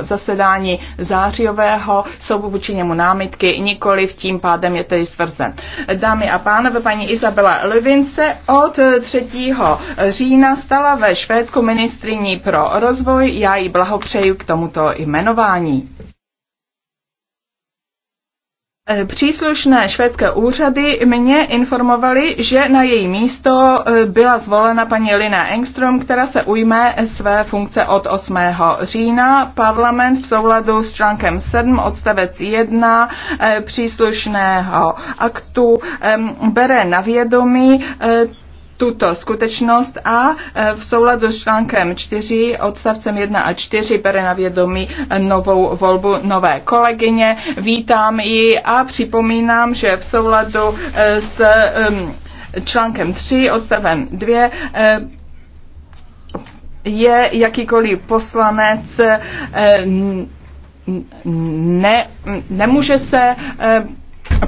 zasedání zářijového jsou vůči němu námitky, nikoli v tím pádem je tedy stvrzen. Dámy a pánové, paní Izabela Levin se od 3. října stala ve Švédsku ministriní pro rozvoj. Já jí blahopřeju k tomuto jmenování. Eh, příslušné švédské úřady mě informovali, že na její místo eh, byla zvolena paní Lina Engström, která se ujme své funkce od 8. října. Parlament v souladu s článkem 7 odstavec 1 eh, příslušného aktu bere na vědomí tuto skutečnost a e, v souladu s článkem 4 odstavcem 1 a 4 bere na vědomí novou volbu nové kolegyně. Vítám ji a připomínám, že v souladu e, s článkem 3 odstavem 2 e, je jakýkoliv poslanec ne, nemůže se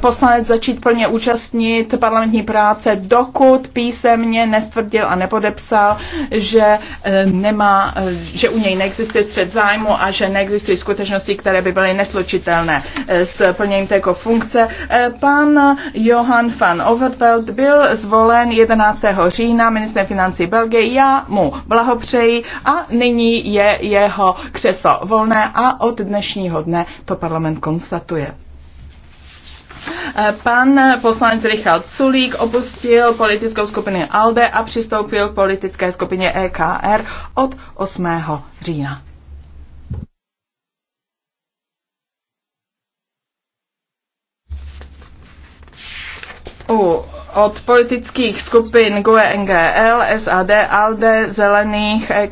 poslanec začít plně účastnit parlamentní práce, dokud písemně nestvrdil a nepodepsal, že, eh, nemá, eh, že u něj neexistuje střed zájmu a že neexistují skutečnosti, které by byly neslučitelné eh, s plněním této funkce. Pan Johan van Overveld byl zvolen 11. října ministrem financí Belgie. Já mu blahopřeji a nyní je jeho křeslo volné a od dnešního dne to parlament konstatuje. Eh, pan poslanec Richard Sulík opustil politickou skupinu ALDE a přistoupil k politické skupině EKR od 8. října. U od politických skupin GUE NGL, SAD, ALDE, Zelených, EK